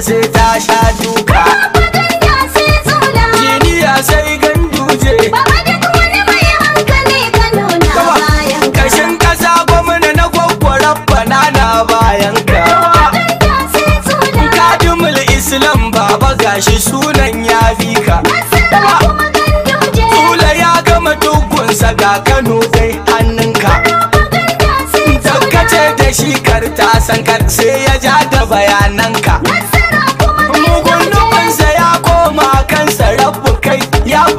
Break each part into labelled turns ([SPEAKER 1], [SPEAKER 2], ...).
[SPEAKER 1] ta sai ta sha duka jiniya sai ganduje kashin kasa gwamna na gwaggwara banana bayan ka kadimul islam baba gashi sunan ya fi ka tula ya gama tukunsa ga kano sai hannunka ce da shi kar ta sankar sai ya ja da bayananka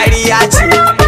[SPEAKER 1] kariya ce